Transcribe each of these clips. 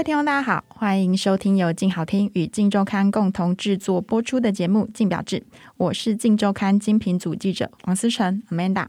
各位聽眾大家好，歡迎收聽由鏡好聽與鏡週刊共同製作播出的節目《鏡錶誌》，我是鏡週刊精品組記者王思成 Amanda。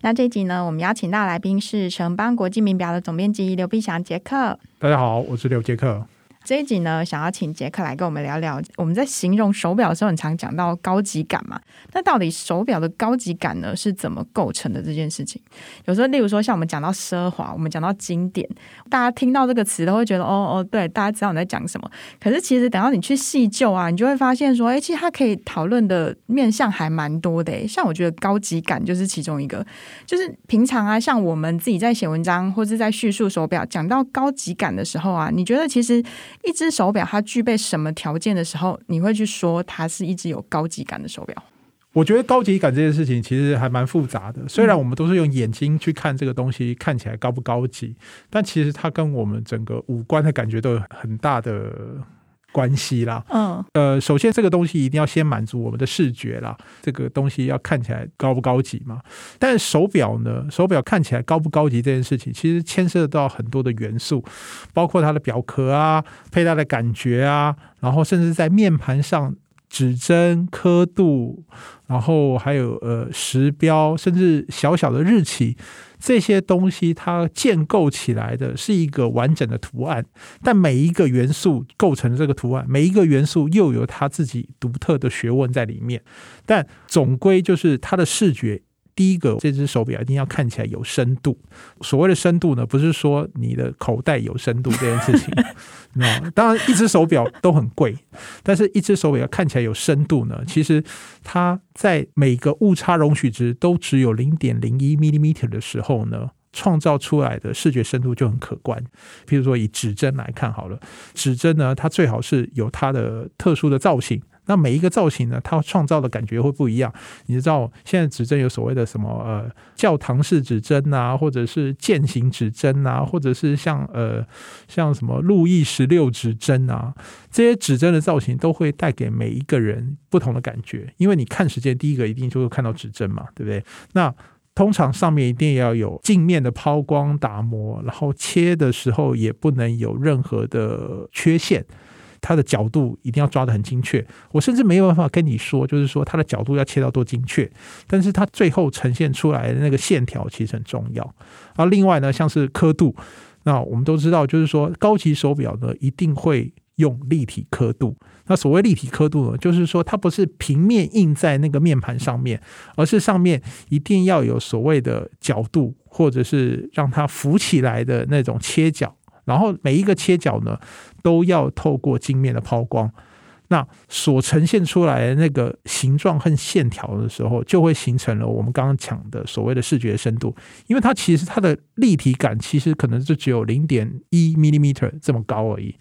那這一集呢，我們邀請到的來賓是城邦國際名錶的總編輯劉必祥杰克。大家好，我是劉傑克。這一集呢，想要請傑克來跟我們聊聊。我們在形容手錶的時候，很常講到高級感嘛。那到底手錶的高級感呢，是怎麼構成的這件事情？有時候，例如說，像我們講到奢華，我們講到經典，大家聽到這個詞都會覺得，哦哦，對，大家知道你在講什麼。可是其實，等到你去細究啊，你就會發現說，誒、欸，其實它可以討論的面向還蠻多的。像我覺得高級感就是其中一個，就是平常啊，像我們自己在寫文章或是在敘述手錶，講到高級感的時候啊，你覺得其實。一隻手錶它具備什麼條件的時候，你會去說它是一隻有高級感的手錶？我覺得高級感這件事情其實還蠻複雜的。雖然我們都是用眼睛去看這個東西看起來高不高級，但其實它跟我們整個五官的感覺都有很大的。關係啦，嗯，呃，首先這個東西一定要先滿足我們的視覺啦，這個東西要看起來高不高級嘛。但是手錶呢，手錶看起來高不高級這件事情，其實牽涉到很多的元素，包括它的錶殼啊，佩戴的感覺啊，然後甚至在面盤上，指針、刻度，然後還有呃時標，甚至小小的日期，這些東西它建構起來的是一個完整的圖案。但每一個元素構成這個圖案，每一個元素又有它自己獨特的學問在裡面。但總歸就是它的視覺。第一個，這隻手錶一定要看起來有深度。所謂的深度呢，不是說你的口袋有深度這件事情。那 當然，一隻手錶都很貴，但是一隻手錶看起來有深度呢，其實它在每個誤差容許值都只有零點零一 millimeter 的時候呢，創造出來的視覺深度就很可觀。譬如說以指針來看好了，指針呢，它最好是有它的特殊的造型。那每一個造型呢，它創造的感覺會不一樣。你知道，現在指針有所謂的什麼呃，教堂式指針啊，或者是劍形指針啊，或者是像呃，像什麼路易十六指針啊，這些指針的造型都會帶給每一個人不同的感覺。因為你看時間，第一個一定就會看到指針嘛，對不對？那通常上面一定要有鏡面的拋光打磨，然後切的時候也不能有任何的缺陷。它的角度一定要抓得很精確，我甚至沒有辦法跟你說，就是說它的角度要切到多精確。但是它最後呈現出來的那個線條其實很重要。啊，另外呢，像是刻度，那我們都知道，就是說高級手錶呢一定會用立體刻度。那所謂立體刻度呢，就是說它不是平面印在那個面盤上面，而是上面一定要有所謂的角度，或者是讓它浮起來的那種切角。然後每一個切角呢，都要透過鏡面的拋光，那所呈現出來的那個形狀和線條的時候，就會形成了我們剛剛講的所謂的視覺深度，因為它其實它的立體感其實可能就只有零點一米米這麼高而已。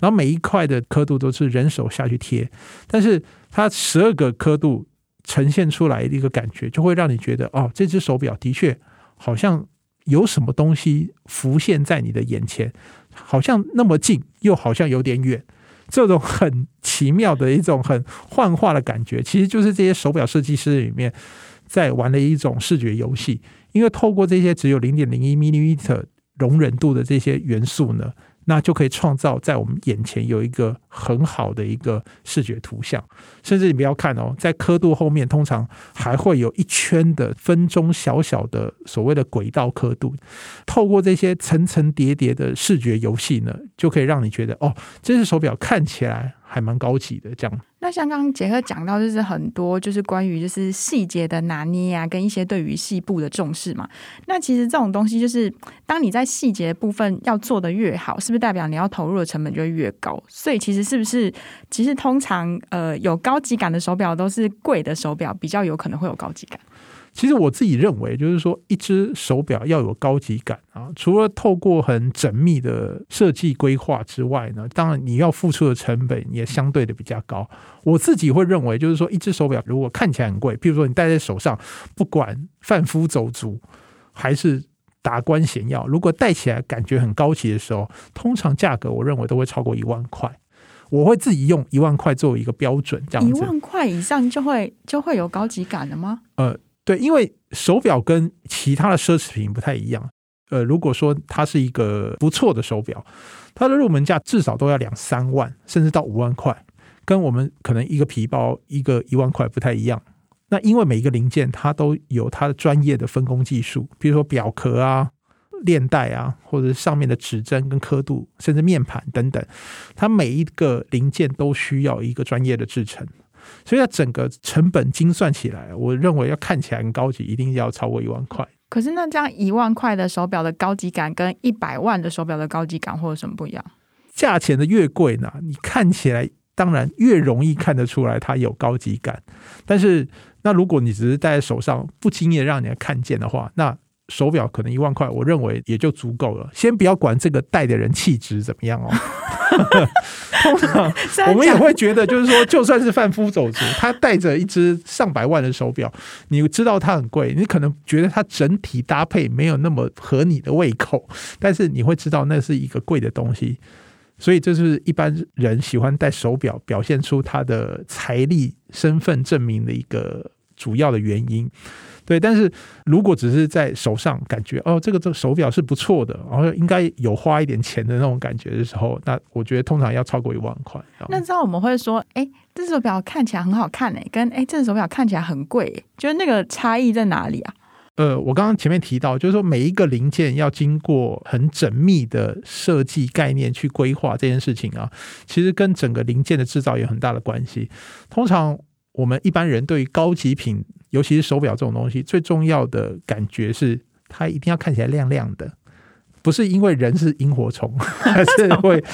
然後每一塊的刻度都是人手下去貼，但是它十二個刻度呈現出來的一個感覺，就會讓你覺得哦，這只手表的確好像。有什麼東西浮現在你的眼前，好像那麼近，又好像有點遠，這種很奇妙的一種很幻化的感覺，其實就是這些手錶設計師裡面在玩的一種視覺遊戲，因為透過這些只有零點零一 mm 容忍度的這些元素呢。那就可以創造在我們眼前有一個很好的一個視覺圖像，甚至你不要看哦，在刻度後面通常還會有一圈的分鐘，小小的所謂的軌道刻度，透過這些層層疊疊的視覺遊戲呢，就可以讓你覺得哦，這只手表看起來還蠻高級的這樣。那像剛剛傑克講到，就是很多就是關於就是細節的拿捏啊，跟一些對於細部的重視嘛。那其實這種東西，就是當你在細節部分要做得越好，是不是代表你要投入的成本就越高？所以其實是不是，其實通常呃有高級感的手錶都是貴的手錶，比較有可能會有高級感。其實我自己認為，就是說，一只手表要有高級感啊，除了透過很縝密的設計規劃之外呢，當然你要付出的成本也相對的比較高。我自己會認為，就是說，一只手表如果看起來很貴，譬如說你戴在手上，不管販夫走卒還是達官顯要，如果戴起來感覺很高級的時候，通常價格我認為都會超過一萬塊。我會自己用一萬塊作為一個標準，這樣一萬塊以上就會就會有高級感了嗎？呃。對，因為手表跟其他的奢侈品不太一樣。呃，如果說它是一個不錯的手表，它的入門價至少都要兩三萬，甚至到五萬塊，跟我們可能一個皮包一個一萬塊不太一樣。那因為每一個零件，它都有它的專業的分工技術，比如說表殼啊、鏈帶啊，或者是上面的指針跟刻度，甚至面盤等等，它每一個零件都需要一個專業的製程。所以，要整個成本精算起來，我認為要看起來很高級，一定要超過一萬塊。可是，那這樣一萬塊的手錶的高級感，跟一百萬的手錶的高級感，或者什麼不一樣？價錢的越貴呢，你看起來當然越容易看得出來它有高級感。但是，那如果你只是戴在手上，不經意讓人家看見的話，那手錶可能一萬塊，我認為也就足夠了。先不要管這個戴的人氣質怎麼樣哦。 通常我們也會覺得，就是說，就算是販夫走卒，他戴着一隻上百萬的手錶，你知道它很貴，你可能覺得它整體搭配沒有那麼合你的胃口，但是你會知道那是一個貴的東西，所以這是一般人喜歡戴手錶，表現出他的財力、身份證明的一個主要的原因。對，但是如果只是在手上感覺哦，這個這個、手錶是不錯的，然後應該有花一點錢的那種感覺的時候，那我覺得通常要超過一萬塊。那知道我們會說，哎，這手錶看起來很好看呢、欸，跟哎，這手錶看起來很貴、欸，就是那個差異在哪裡啊？呃，我剛剛前面提到，就是說每一個零件要經過很縝密的設計概念去規劃這件事情啊，其實跟整個零件的製造有很大的關係，通常。我們一般人對於高級品，尤其是手錶這種東西，最重要的感覺是它一定要看起來亮亮的，不是因為人是螢火蟲，而是會麼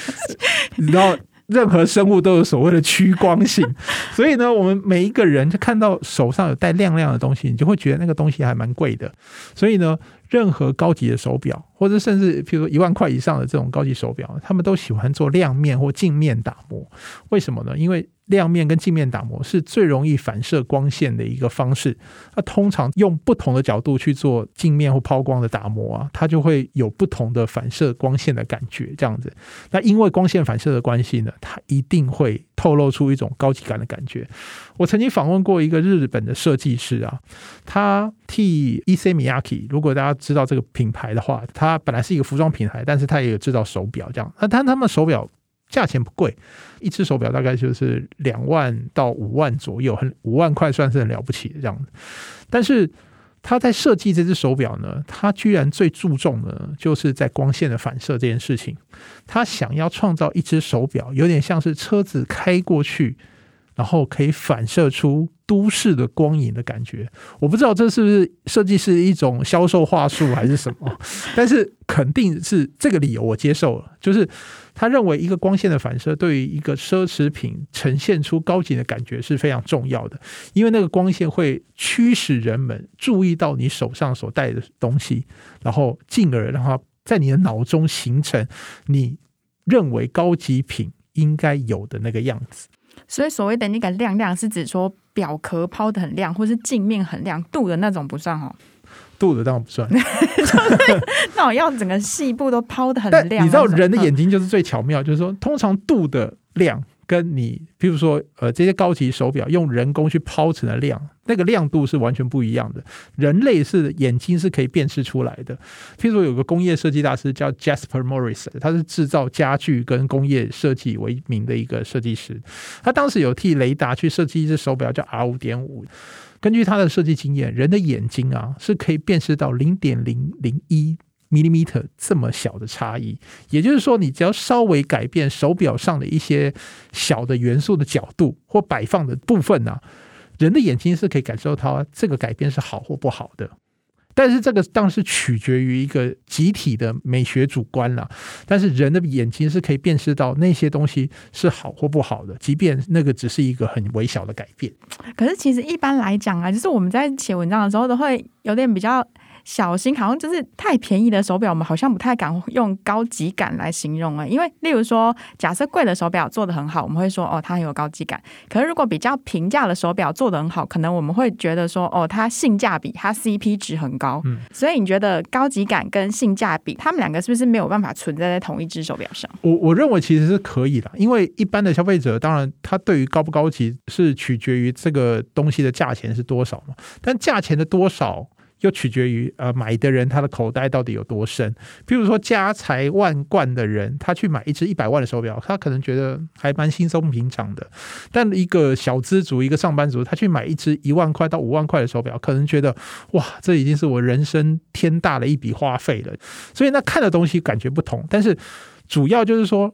你知道，任何生物都有所謂的趨光性， 所以呢，我們每一個人就看到手上有帶亮亮的東西，你就會覺得那個東西還蠻貴的。所以呢，任何高級的手錶，或者甚至譬如說一萬塊以上的這種高級手錶，他們都喜歡做亮面或鏡面打磨，為什麼呢？因為亮面跟鏡面打磨是最容易反射光線的一個方式。那通常用不同的角度去做鏡面或拋光的打磨啊，它就會有不同的反射光線的感覺。這樣子，那因為光線反射的關係呢，它一定會透露出一種高級感的感覺。我曾經訪問過一個日本的設計師啊，他替 Issey Miyake，如果大家知道這個品牌的話，他本來是一個服裝品牌，但是他也有製造手錶這樣。那他他們手錶。價錢不貴，一只手表大概就是兩萬到五萬左右，很五萬塊算是很了不起的這樣子。但是他在設計這只手表呢，他居然最注重的就是在光線的反射這件事情。他想要創造一只手表，有點像是車子開過去，然後可以反射出。都市的光影的感覺，我不知道這是不是設計師一種銷售話術還是什麼， 但是肯定是這個理由我接受了。就是他認為一個光線的反射對於一個奢侈品呈現出高級的感覺是非常重要的，因為那個光線會驅使人們注意到你手上所帶的東西，然後進而讓它在你的腦中形成你認為高級品應該有的那個樣子。所以所謂的那個亮亮是指說。錶殼拋的很亮，或是鏡面很亮，鍍的那種不算哦。鍍的當然不算。 那我要整個細部都拋的很亮。你知道人的眼睛就是最巧妙，呵呵就是說，通常鍍的亮。跟你，譬如說，呃，這些高級手錶用人工去拋成的亮，那個亮度是完全不一樣的。人類是眼睛是可以辨識出來的。譬如有個工業設計大師叫 Jasper Morrison，他是製造家具跟工業設計為名的一個設計師。他當時有替雷達去設計一隻手錶，叫 R 五點五。根據他的設計經驗，人的眼睛啊是可以辨識到零點零零一。millimeter 這麼小的差異，也就是說，你只要稍微改變手表上的一些小的元素的角度或擺放的部分啊，人的眼睛是可以感受到這個改變是好或不好的。但是這個當然是取決於一個集體的美學主觀了。但是人的眼睛是可以辨識到那些東西是好或不好的，即便那個只是一個很微小的改變。可是其實一般來講啊，就是我們在寫文章的時候都會有點比較。小心，好像就是太便宜的手表，我們好像不太敢用高級感來形容啊、欸。因為，例如說，假設貴的手表做得很好，我們會說哦，它很有高級感。可是，如果比較平價的手表做得很好，可能我們會覺得說哦，它性價比、它 CP 值很高。嗯、所以，你覺得高級感跟性價比，他們兩個是不是沒有辦法存在在同一只手表上？我我認為其實是可以的，因為一般的消費者，當然他對於高不高級是取決於這個東西的價錢是多少嘛。但價錢的多少。又取決於呃買的人他的口袋到底有多深，比如說家財萬貫的人，他去買一只一百萬的手錶，他可能覺得還蠻輕鬆平常的；但一個小資族、一個上班族，他去買一只一萬塊到五萬塊的手錶，可能覺得哇，這已經是我人生天大的一筆花費了。所以那看的東西感覺不同，但是主要就是說。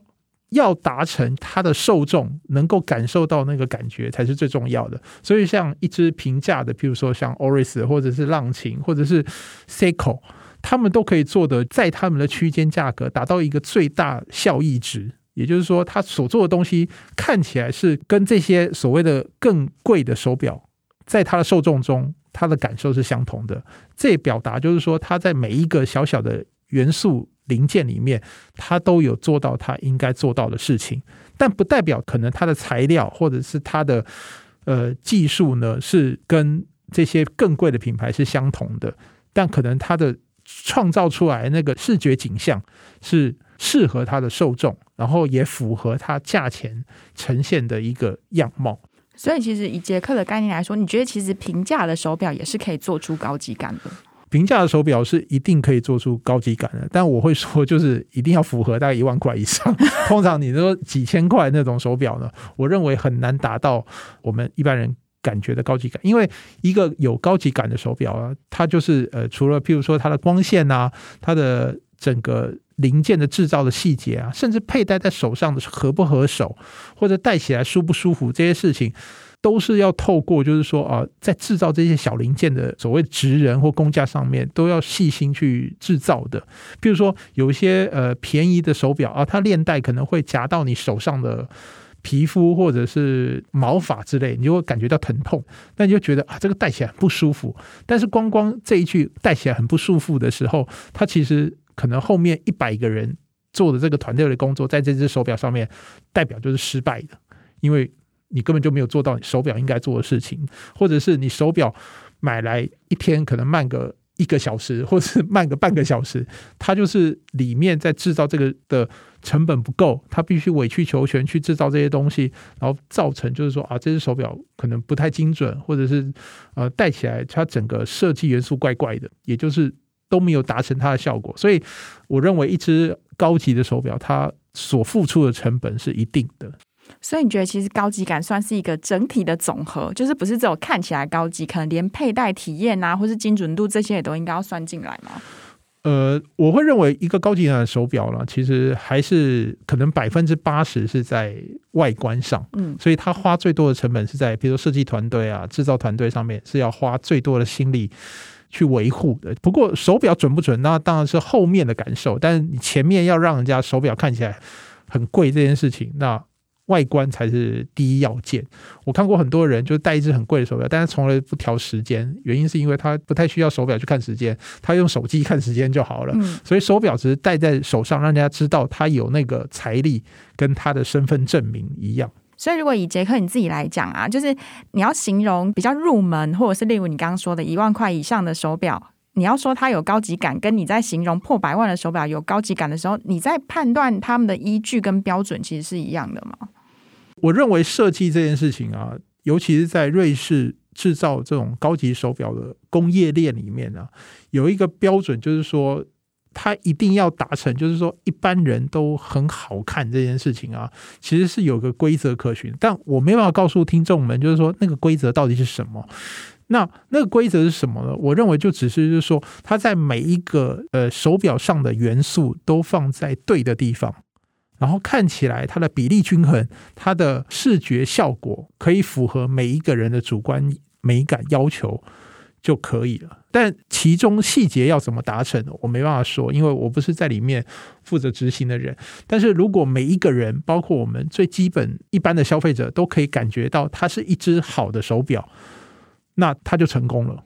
要達成它的受眾能夠感受到那個感覺才是最重要的，所以像一支平價的，比如說像 Oris 或者是浪琴或者是 Seiko 他們都可以做得在他們的區間價格達到一個最大效益值，也就是說，他所做的東西看起來是跟這些所謂的更貴的手表，在它的受眾中，它的感受是相同的。這表達就是說，它在每一個小小的元素。零件裡面，它都有做到它應該做到的事情，但不代表可能它的材料或者是它的呃技術呢是跟這些更貴的品牌是相同的，但可能它的創造出來那個視覺景象是適合它的受眾，然後也符合它價錢呈現的一個樣貌。所以，其實以傑克的概念來說，你覺得其實平價的手錶也是可以做出高級感的。平價的手錶是一定可以做出高級感的，但我會說，就是一定要符合大概一萬塊以上。通常你說幾千塊那種手錶呢，我認為很難達到我們一般人感覺的高級感。因為一個有高級感的手錶啊，它就是呃，除了譬如說它的光線啊，它的整個零件的製造的細節啊，甚至佩戴在手上的合不合手，或者戴起來舒不舒服這些事情。都是要透過，就是說啊，在制造這些小零件的所謂職人或工匠上面，都要細心去制造的。比如說，有一些呃便宜的手表啊，它鏈帶可能會夾到你手上的皮膚或者是毛髮之類，你就會感覺到疼痛。那你就覺得啊，這個戴起來很不舒服。但是光光這一句戴起來很不舒服的時候，它其實可能後面一百個人做的這個團隊的工作，在這只手表上面代表就是失敗的，因為。你根本就沒有做到你手錶應該做的事情，或者是你手錶買來一天可能慢個一個小時，或者是慢個半個小時，它，就是裡面在製造這個的成本不夠，它必須委曲求全去製造這些東西，然後造成就是說啊，這隻手錶可能不太精準，或者是呃戴起來它整個設計元素怪怪的，也就是都沒有達成它的效果。所以我認為，一隻高級的手錶，它所付出的成本是一定的。所以你覺得其實高級感算是一個整體的總和，就是不是只有看起來高級，可能連佩戴體驗啊，或是精準度這些也都應該要算進來嗎？呃，我會認為一個高級感的手表呢，其實還是可能百分之八十是在外觀上，嗯，所以他花最多的成本是在，比如說設計團隊啊、製造團隊上面，是要花最多的心力去維護的。不過手表準不準，那當然是後面的感受，但是你前面要讓人家手表看起來很貴這件事情，那，外觀才是第一要件。我看過很多人就是戴一只很貴的手表，但是從來不調時間，原因是因為他不太需要手錶去看時間，他用手機看時間就好了。嗯、所以手表只是戴在手上，讓人家知道他有那個財力跟他的身份證明一樣。所以如果以傑克你自己來講啊，就是你要形容比較入門，或者是例如你剛剛說的一萬塊以上的手表，你要說它有高級感，跟你在形容破百萬的手表有高級感的時候，你在判斷他們的依據跟標準其實是一樣的嗎？我認為設計這件事情啊，尤其是在瑞士制造這種高級手錶的工業鏈裡面呢、啊，有一個標準，就是說它一定要達成，就是說一般人都很好看這件事情啊，其實是有個規則可循。但我沒辦法告訴聽眾們，就是說那個規則到底是什麼。那那個規則是什麼呢？我認為就只是就是說，它在每一個呃手錶上的元素都放在對的地方。然後看起來它的比例均衡，它的視覺效果可以符合每一個人的主觀美感要求就可以了。但其中細節要怎麼達成，我沒辦法說，因為我不是在裡面負責執行的人。但是如果每一個人，包括我們最基本一般的消費者，都可以感覺到它是一隻好的手錶，那它就成功了。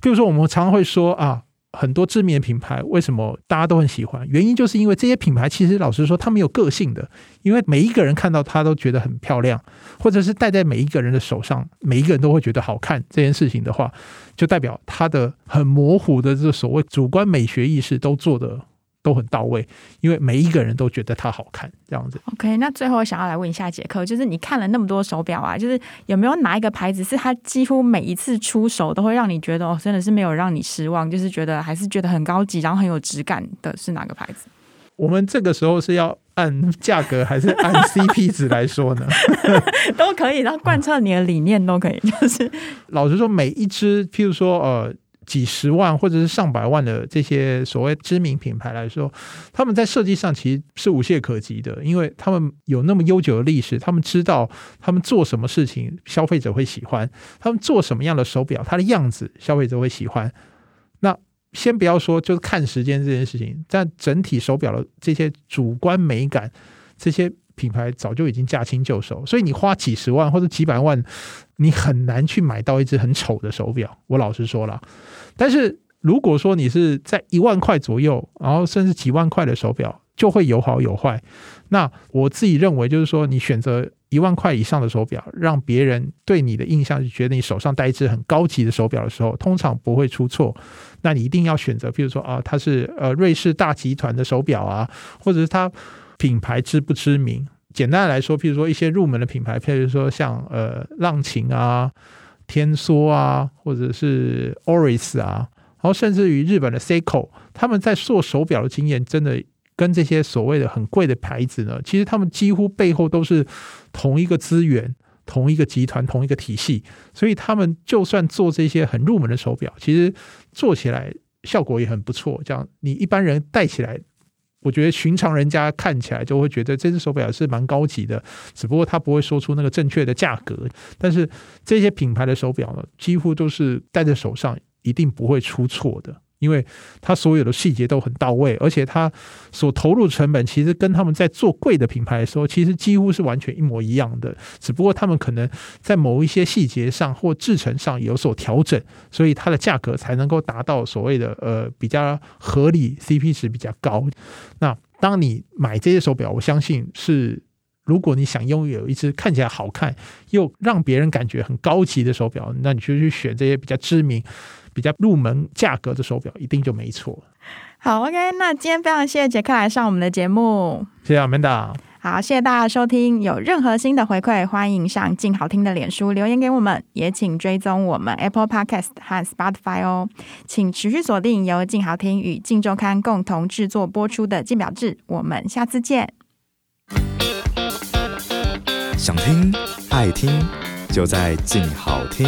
比如說，我們常會說啊，很多知名的品牌，為什麼大家都很喜歡？原因就是因為這些品牌其實老實說，它沒有個性的。因為每一個人看到它都覺得很漂亮，或者是戴在每一個人的手上，每一個人都會覺得好看。這件事情的話，就代表他的很模糊的這所謂主觀美學意識都做得都很到位，因為每一個人都覺得它好看這樣子。OK，那最後想要來問一下杰克，就是你看了那麼多手表啊，就是有沒有哪一個牌子是他幾乎每一次出手都會讓你覺得哦，真的是沒有讓你失望，就是覺得還是覺得很高級，然後很有質感的是哪個牌子？我們這個時候是要按價格還是按 CP 值來說呢？ 都可以，然後貫徹你的理念、嗯、都可以。就是老實說，每一支，譬如說呃。幾十萬或者是上百萬的這些所謂知名品牌來說，他們在設計上其實是無懈可擊的，因為他們有那麼悠久的歷史，他們知道他們做什麼事情消費者會喜歡，他們做什麼樣的手錶，它的樣子消費者會喜歡。那先不要說就是看時間這件事情，但整體手錶的這些主觀美感，這些品牌早就已經駕輕就熟，所以你花幾十萬或者幾百萬。你很難去買到一只很醜的手錶，我老實說了。但是如果說你是在一萬塊左右，然後甚至幾萬塊的手錶，就會有好有壞。那我自己認為，就是說你選擇一萬塊以上的手錶，讓別人對你的印象是覺得你手上戴一只很高級的手錶的時候，通常不會出錯。那你一定要選擇，比如說啊，它是呃瑞士大集團的手錶啊，或者是它品牌知不知名。簡單來說，譬如說一些入門的品牌，譬如說像呃浪琴啊、天梭啊，或者是 Oris 啊，然後甚至於日本的 Seiko，他們在做手表的經驗，真的跟這些所謂的很貴的牌子呢，其實他們幾乎背後都是同一個資源、同一個集團、同一個體系，所以他們就算做這些很入門的手表，其實做起來效果也很不錯。這樣你一般人戴起來，我覺得尋常人家看起來就會覺得這隻手錶是蠻高級的，只不過他不會說出那個正確的價格。但是這些品牌的手錶呢，幾乎都是戴在手上一定不會出錯的。因為它所有的細節都很到位，而且它所投入成本其實跟他們在做貴的品牌的時候，其實幾乎是完全一模一樣的，只不過他們可能在某一些細節上或製程上有所調整，所以它的價格才能夠達到所謂的呃比較合理 CP 值比較高。那當你買這些手錶，我相信是。如果你想擁有一隻看起來好看又讓別人感覺很高級的手表，那你就去選這些比較知名、比較入門價格的手表，一定就沒錯。好，OK，那今天非常謝謝傑克來上我們的節目，謝謝阿 Manda。好，謝謝大家收聽，有任何新的回饋，歡迎上靜好聽的臉書留言給我們，也請追蹤我們 Apple Podcast 和 Spotify 哦。請持續鎖定由靜好聽與靜周刊共同製作播出的《鑑表志》，我們下次見。想聽，愛聽，就在鏡好聽。